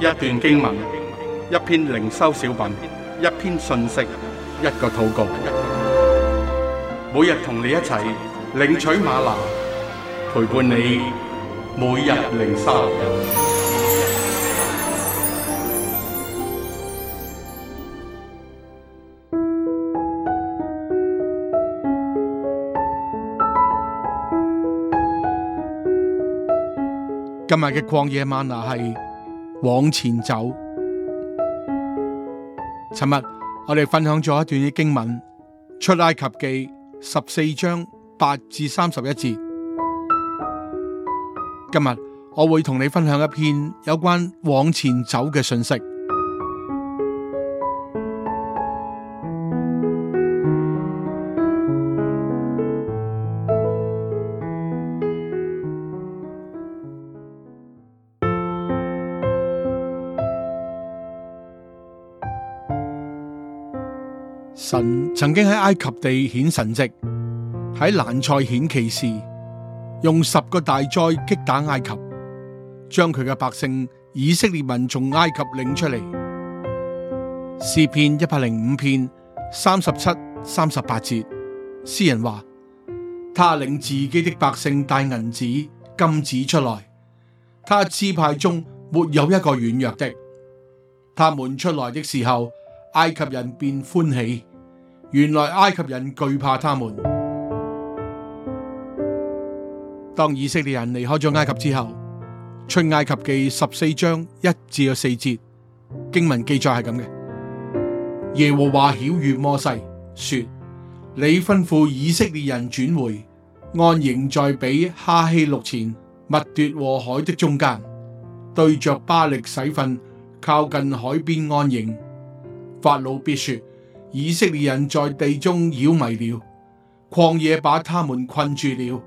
一段經文，一篇靈修小品，一篇信息，一個禱告。每日同你一齊領取嗎哪，陪伴你每日靈修。今日嘅曠野嗎哪係。往前走。尋日我哋分享咗一段嘅經文，《出埃及記》十四章八至三十一節。今日我會同你分享一篇有關往前走嘅信息。神曾經喺埃及地顯神迹，喺蘭塞顯奇事，用十個大災擊打埃及，將佢嘅百姓以色列民從埃及領出嚟。詩篇一百零五篇三十七、三十八節，詩人話：他領自己的百姓帶銀子、金子出來，他支派中沒有一個軟弱的。他們出來的時候，埃及人便歡喜。原來埃及人懼怕他們。當以色列人離開咗埃及之後，《出埃及記》十四章一至四節經文記載係咁嘅：耶和華曉諭摩西說，你吩咐以色列人轉回，安營在比哈希錄前密奪和海的中間，對着巴力洗分，靠近海邊安營。法老必說。以色列人在地中繞迷了，曠野把他們困住了。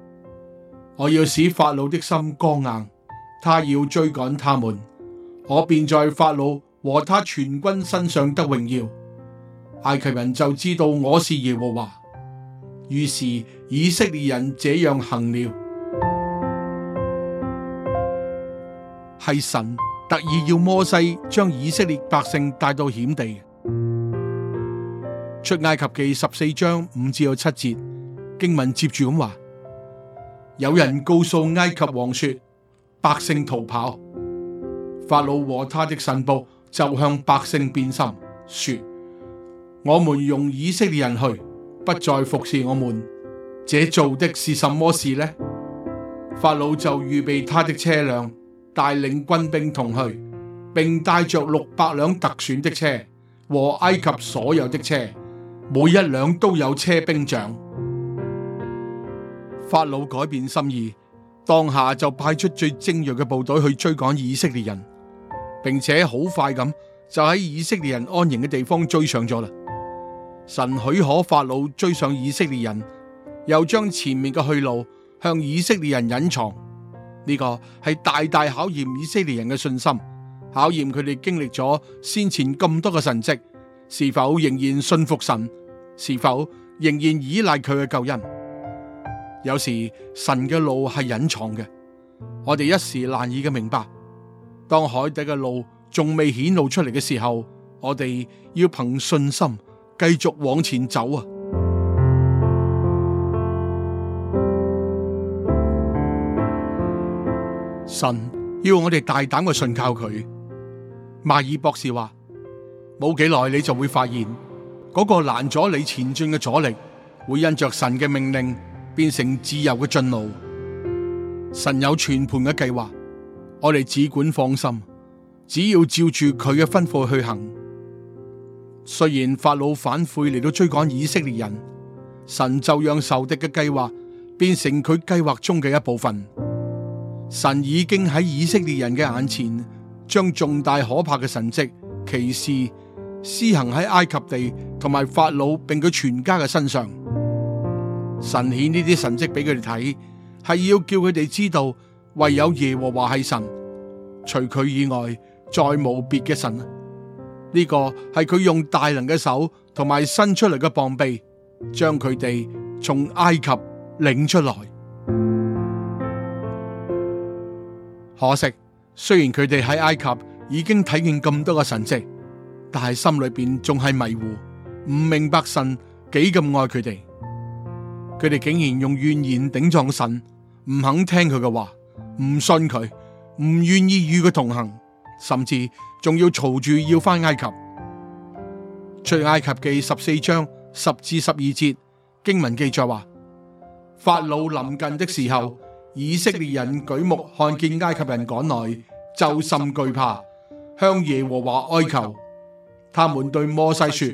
我要使法老的心剛硬，他要追趕他們，我便在法老和他全軍身上得榮耀。埃及人就知道我是耶和華。於是以色列人這樣行了。係神特意要摩西將以色列百姓帶到險地。出埃及記十四章五至到七節經文，接住咁話：有人告訴埃及王說，百姓逃跑，法老和他的臣僕就向百姓變心，說：我們用以色列人去，不再服侍我們。這做的是什麼事呢？法老就預備他的車輛，帶領軍兵同去，並帶着六百輛特選的車和埃及所有的車。每一兩都有車兵長，法老改變心意，當下就派出最精銳嘅部隊去追趕以色列人，並且好快咁就喺以色列人安營嘅地方追上咗啦。神許可法老追上以色列人，又將前面嘅去路向以色列人隱藏，呢個係大大考驗以色列人嘅信心，考驗佢哋經歷咗先前咁多嘅神蹟。是否仍然信服神？是否仍然依賴佢嘅救恩？有時神嘅路係隱藏嘅，我哋一時難以嘅明白。當海底嘅路仲未顯露出嚟嘅時候，我哋要憑信心繼續往前走啊！神要我哋大膽去信靠佢。馬爾博士話。冇幾耐，你就會發現嗰、那個攔阻你前進嘅阻力，會因着神嘅命令變成自由嘅進路。神有全盤嘅計劃，我哋只管放心，只要照住佢嘅吩咐去行。雖然法老反悔嚟到追趕以色列人，神就讓仇敵嘅計劃變成佢計劃中嘅一部分。神已經喺以色列人嘅眼前將重大可怕嘅神蹟奇事。施行喺埃及地同埋法老並佢全家嘅身上，神顯呢啲神蹟俾佢哋睇，係要叫佢哋知道唯有耶和華係神，除佢以外再冇別嘅神。呢個係佢用大能嘅手同埋伸出嚟嘅膀臂，將佢哋從埃及領出來。可惜，雖然佢哋喺埃及已經睇見咁多嘅神蹟。但係心裏邊仲係迷糊，唔明白神幾咁愛佢哋，佢哋竟然用怨言頂撞神，唔肯聽佢嘅話，唔信佢，唔願意與佢同行，甚至仲要嘈住要翻埃及。出埃及記十四章十至十二節經文記載話，法老臨近的時候，以色列人舉目看見埃及人趕來，就甚懼怕，向耶和華哀求。他們對摩西說：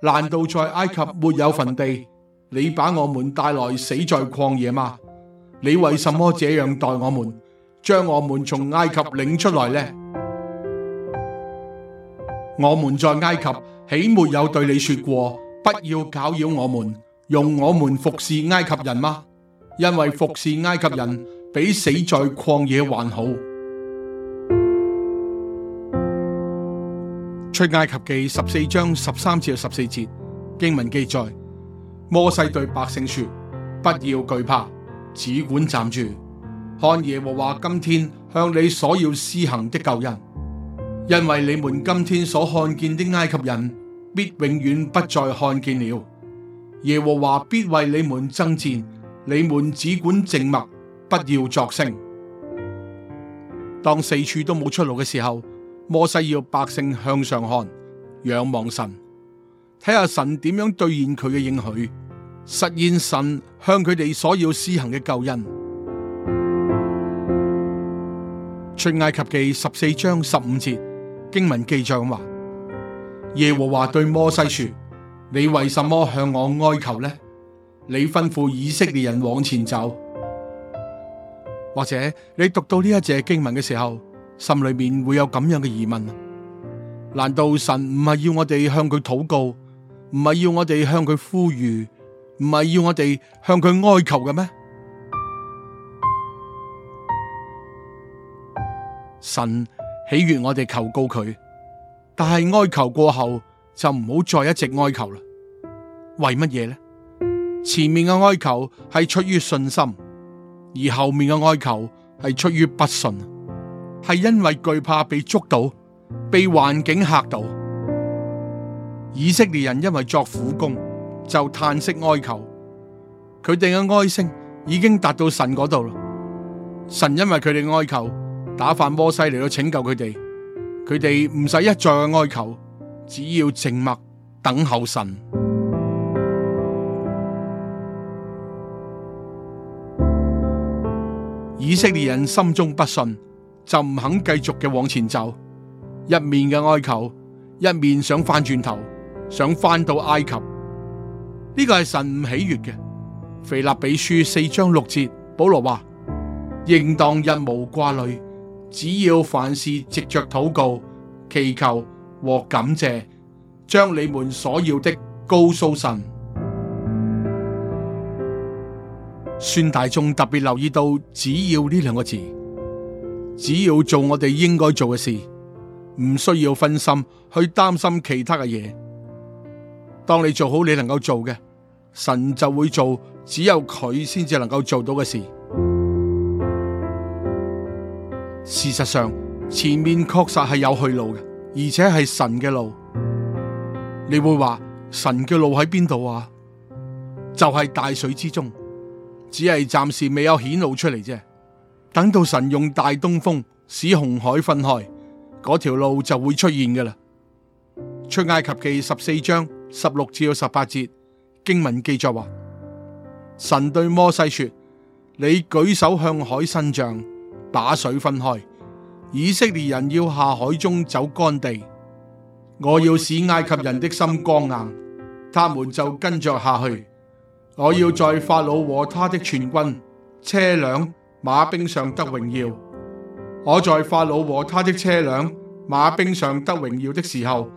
難道在埃及沒有墳地？你把我們帶來死在曠野嗎？你為什麼這樣待我們？將我們從埃及領出來呢？我們在埃及豈沒有對你說過，不要攪擾我們，用我們服侍埃及人嗎？因為服侍埃及人比死在曠野還好。出埃及記十四章十三至十四節經文記載，摩西對百姓說：不要懼怕，只管站住，看耶和華今天向你所要施行的救恩，因為你們今天所看見的埃及人，必永遠不再看見了。耶和華必為你們爭戰，你們只管靜默，不要作聲。當四處都冇出路嘅時候。摩西要百姓向上看，仰望神，睇下神點樣兌現佢嘅應許，實現神向佢哋所要施行嘅救恩。出埃及記十四章十五節經文記著咁話：耶和華對摩西說：你為什麼向我哀求呢？你吩咐以色列人往前走，或者你讀到呢一節經文嘅時候。心裏面會有咁樣嘅疑問：難道神唔係要我哋向佢禱告，唔係要我哋向佢呼籲，唔係要我哋向佢哀求嘅咩？神喜悦我哋求告佢，但係哀求過後就唔好再一直哀求啦。為乜嘢呢？前面嘅哀求係出於信心，而後面嘅哀求係出於不順。係因為懼怕被捉到，被環境嚇到。以色列人因為作苦工，就嘆息哀求，佢哋嘅哀聲已經達到神嗰度啦。神因為佢哋嘅哀求，打發摩西嚟到拯救佢哋。佢哋唔使一再嘅哀求，只要靜默等候神。以色列人心中不信。就唔肯繼續嘅往前走，一面嘅哀求，一面想翻轉頭，想翻到埃及。呢、這個係神唔喜悅嘅。腓立比書四章六節，保羅話：應當一無掛慮，只要凡事藉着禱告、祈求和感謝，將你們所要的告訴神。孫大中特別留意到，只要呢兩個字。只要做我哋應該做嘅事，唔需要分心去擔心其他嘅嘢。當你做好你能夠做嘅，神就會做只有佢先至能夠做到嘅事。事實上，前面確實係有去路嘅，而且係神嘅路。你會話神嘅路喺邊度啊？就係大水之中，只係暫時未有顯露出嚟啫。等到神用大東風使紅海分開，嗰條路就會出現㗎啦。出埃及記十四章十六至十八節經文記載話，神對摩西說：你舉手向海伸杖，把水分開，以色列人要下海中走乾地。我要使埃及人的心剛硬，他們就跟着下去。我要在法老和他的全軍車輛，馬兵上得榮耀，我在法老和他的車輛、馬兵上得榮耀的時候，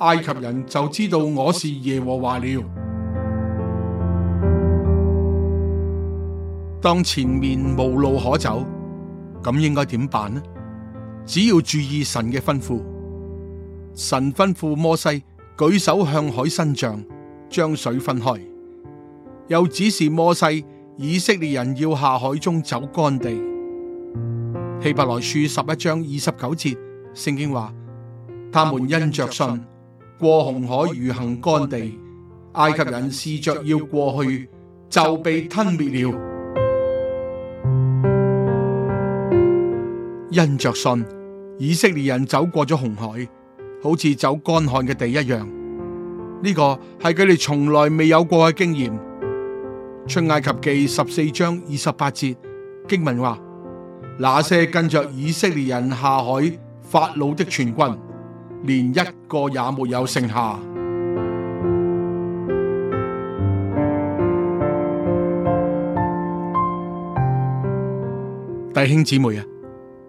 埃及人就知道我是耶和華了。當前面無路可走，咁應該點辦呢？只要注意神嘅吩咐，神吩咐摩西舉手向海伸杖，將水分開，又指示摩西。以色列人要下海中走乾地，希伯來書十一章二十九節，聖經話：他們因着信過紅海如行乾地，埃及人試着要過去就被吞滅了。因着信，以色列人走過咗紅海，好似走乾旱嘅地一樣。呢個係佢哋從來未有過嘅經驗。出埃及記十四章二十八節經文話：那些跟着以色列人下海法老的全軍，連一個也沒有剩下。弟兄姊妹啊，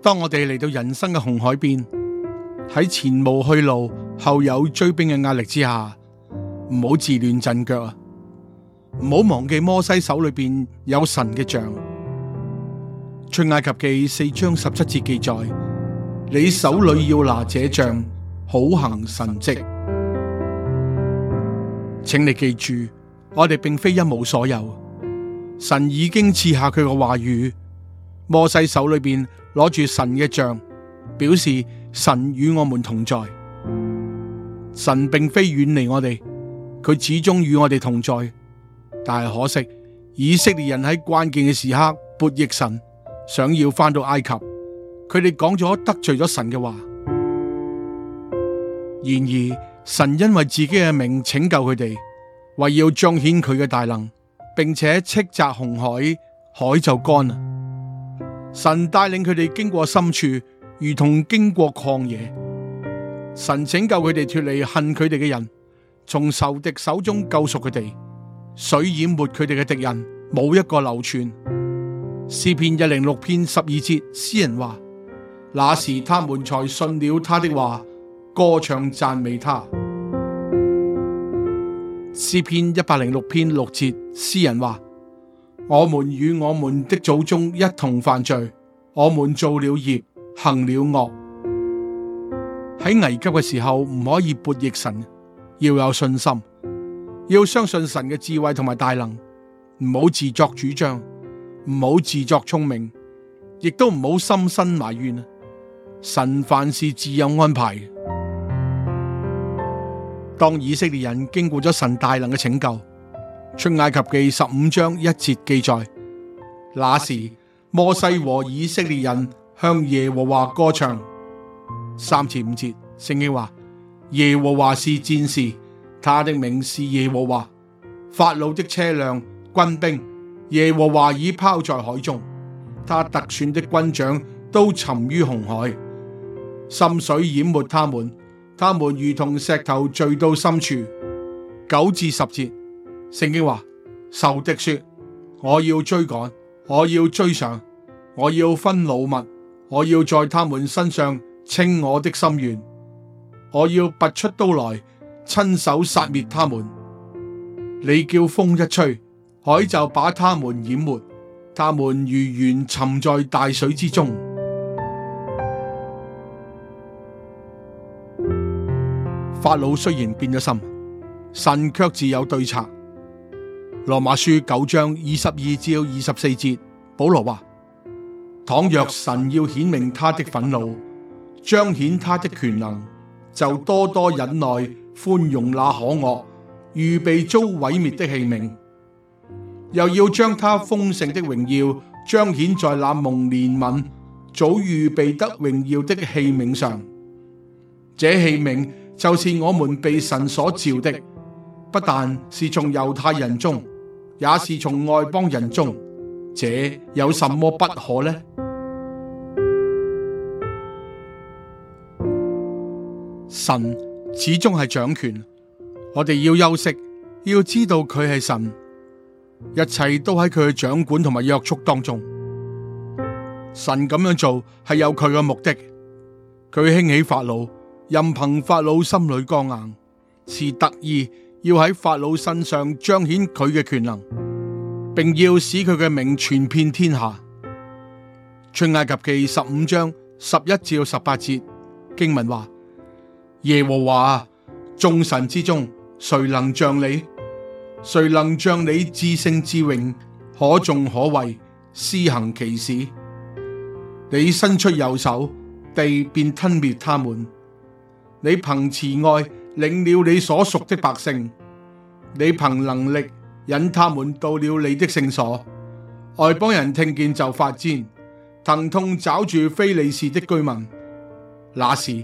當我哋嚟到人生嘅紅海邊，喺前無去路、後有追兵嘅壓力之下，唔好自亂陣腳啊！唔好忘記摩西手裏邊有神嘅杖。《出埃及記》四章十七節記載：你手裏要拿這杖，好行神蹟。請你記住，我哋並非一無所有，神已經賜下佢嘅話語。摩西手裏邊攞住神嘅杖，表示神與我們同在。神並非遠離我哋，佢始終與我哋同在。但係可惜，以色列人喺關鍵嘅時刻悖逆神，想要翻到埃及，佢哋講咗得罪咗神嘅話。然而神因為自己嘅名拯救佢哋，為要彰顯佢嘅大能，並且斥責紅海，海就乾啦。神帶領佢哋經過深處，如同經過曠野。神拯救佢哋脫離恨佢哋嘅人，從仇敵手中救贖佢哋。水淹沒佢哋嘅敵人，冇一個流傳。詩篇一零六篇十二節，詩人話：那時他們才信了他的話，歌唱讚美他。詩篇一百零六篇六節，詩人話：我們與我們的祖宗一同犯罪，我們做了孽，行了惡。喺危急嘅時候唔可以悖逆神，要有信心。要相信神嘅智慧同埋大能，唔好自作主張，唔好自作聰明，亦都唔好心生埋怨啊！神凡事自有安排。當以色列人經過咗神大能嘅拯救，《出埃及記》十五章一節記載：那時，摩西和以色列人向耶和華歌唱。三至五節，聖經話：耶和華是戰士。他的名是耶和華，法老的車輛、軍兵，耶和華已拋在海中，他特選的軍長都沉於紅海，深水淹沒他們，他們如同石頭墜到深處。九至十節，聖經話：仇敵說，我要追趕，我要追上，我要分擄物，我要在他們身上稱我的心願，我要拔出刀來。親手殺滅他們，你叫風一吹，海就把他們淹沒，他們如鉛沉在大水之中。法老雖然變咗心，神卻自有對策。羅馬書九章二十二至二十四節，保羅話：倘若神要顯明他的憤怒，彰顯他的權能，就多多忍耐。寬容那可惡預備遭毀滅的器皿，又要將他豐盛的榮耀彰顯在那蒙憐憫、早預備得榮耀的器皿上。這器皿就是我們被神所召的，不但是從猶太人中，也是從外邦人中。這有什麼不可呢？神。始終係掌權，我哋要休息，要知道佢係神，一切都喺佢嘅掌管同埋約束當中。神咁樣做係有佢嘅目的，佢興起法老，任憑法老心裏剛硬，是特意要喺法老身上彰顯佢嘅權能，並要使佢嘅名傳遍天下。出埃及記十五章十一至十八節經文話。耶和華啊，眾神之中，誰能像你？誰能像你至聖至榮，可頌可畏，施行奇事？你伸出右手，地便吞滅他們；你憑慈愛領了你所屬的百姓；你憑能力引他們到了你的聖所。外邦人聽見就發顫，疼痛抓住非利士的居民。那時。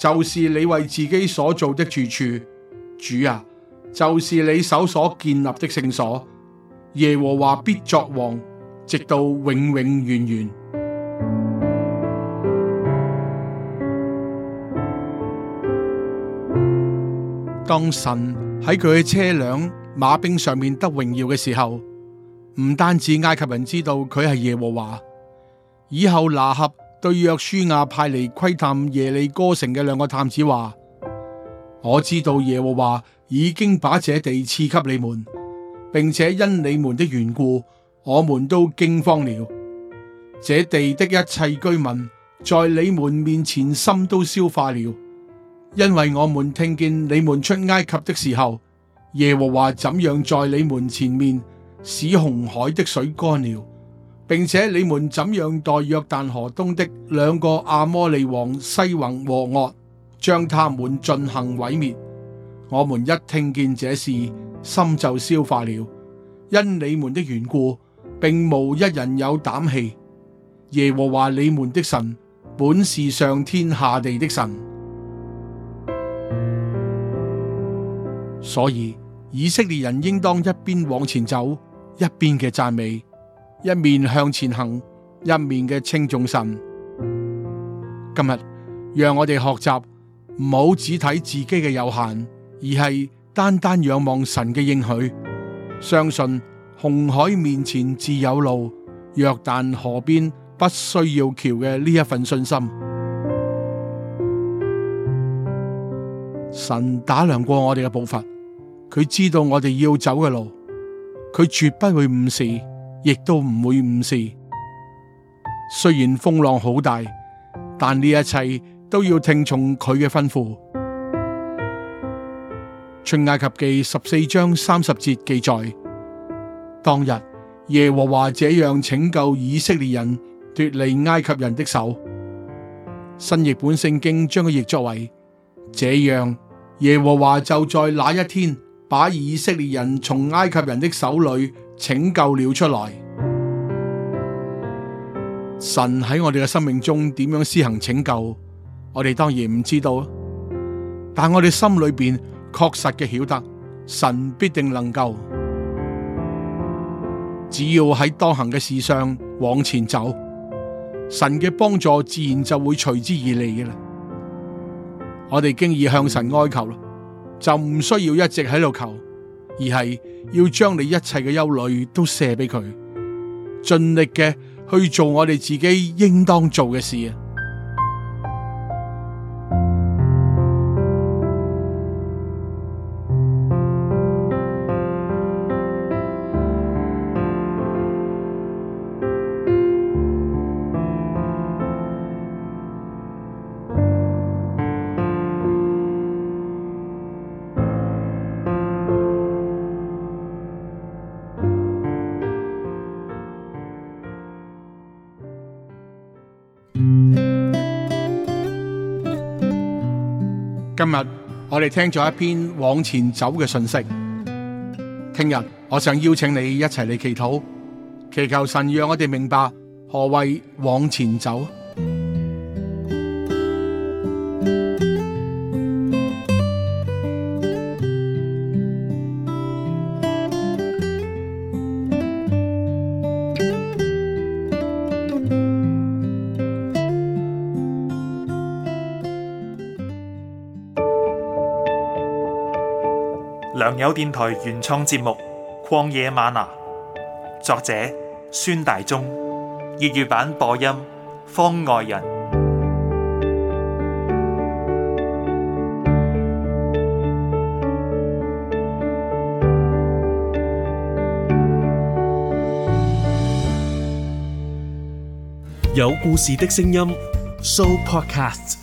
就是你為自己所做的住處，主啊，就是你手所建立的聖所。耶和華必作王，直到永永遠遠。 當神喺佢嘅車輛馬兵上面得榮耀嘅時候，唔單止埃及人知道佢係耶和華，以后拿合。對約書亞派嚟窺探耶利哥城嘅兩個探子話：我知道耶和華已經把這地賜給你們，並且因你們的緣故，我們都驚慌了。這地的一切居民，在你們面前心都消化了，因為我們聽見你們出埃及的時候，耶和華怎樣在你們前面使紅海的水乾了。並且你們怎樣待約旦河東的兩個阿摩利王西宏和惡，將他們進行毀滅？我們一聽見這事，心就消化了。因你們的緣故，並無一人有膽氣。耶和華你們的神，本是上天下地的神，所以以色列人應當一邊往前走，一邊嘅讚美。一面向前行，一面嘅稱頌神。今日讓我哋學習，唔好只睇自己嘅有限，而係單單仰望神嘅應許，相信紅海面前自有路，約旦河邊不需要橋嘅呢一份信心。神打量過我哋嘅步伐，佢知道我哋要走嘅路，佢絕不會誤事。亦都唔會誤事。雖然風浪好大，但呢一切都要聽從佢嘅吩咐。出埃及記十四章三十節記載：當日耶和華這樣拯救以色列人，脫離埃及人的手。新譯本聖經將佢譯作為：這樣耶和華就在那一天把以色列人從埃及人的手裏。拯救了出來，神喺我哋嘅生命中點樣施行拯救，我哋當然唔知道啊，但我哋心裏邊確實嘅曉得，神必定能夠，只要喺當行嘅事上往前走，神嘅幫助自然就會隨之而嚟嘅啦。我哋經已向神哀求啦，就唔需要一直喺度求。而係要將你一切嘅憂慮都卸俾佢，盡力嘅去做我哋自己應當做嘅事啊！今日我哋聽咗一篇往前走嘅信息，聽日我想邀請你一齊嚟祈禱，祈求神讓我哋明白何謂往前走。有電台原創節目《曠野嗎哪》，作者孫大中，粵語版播音方外人，有故事的聲音，So Podcasts。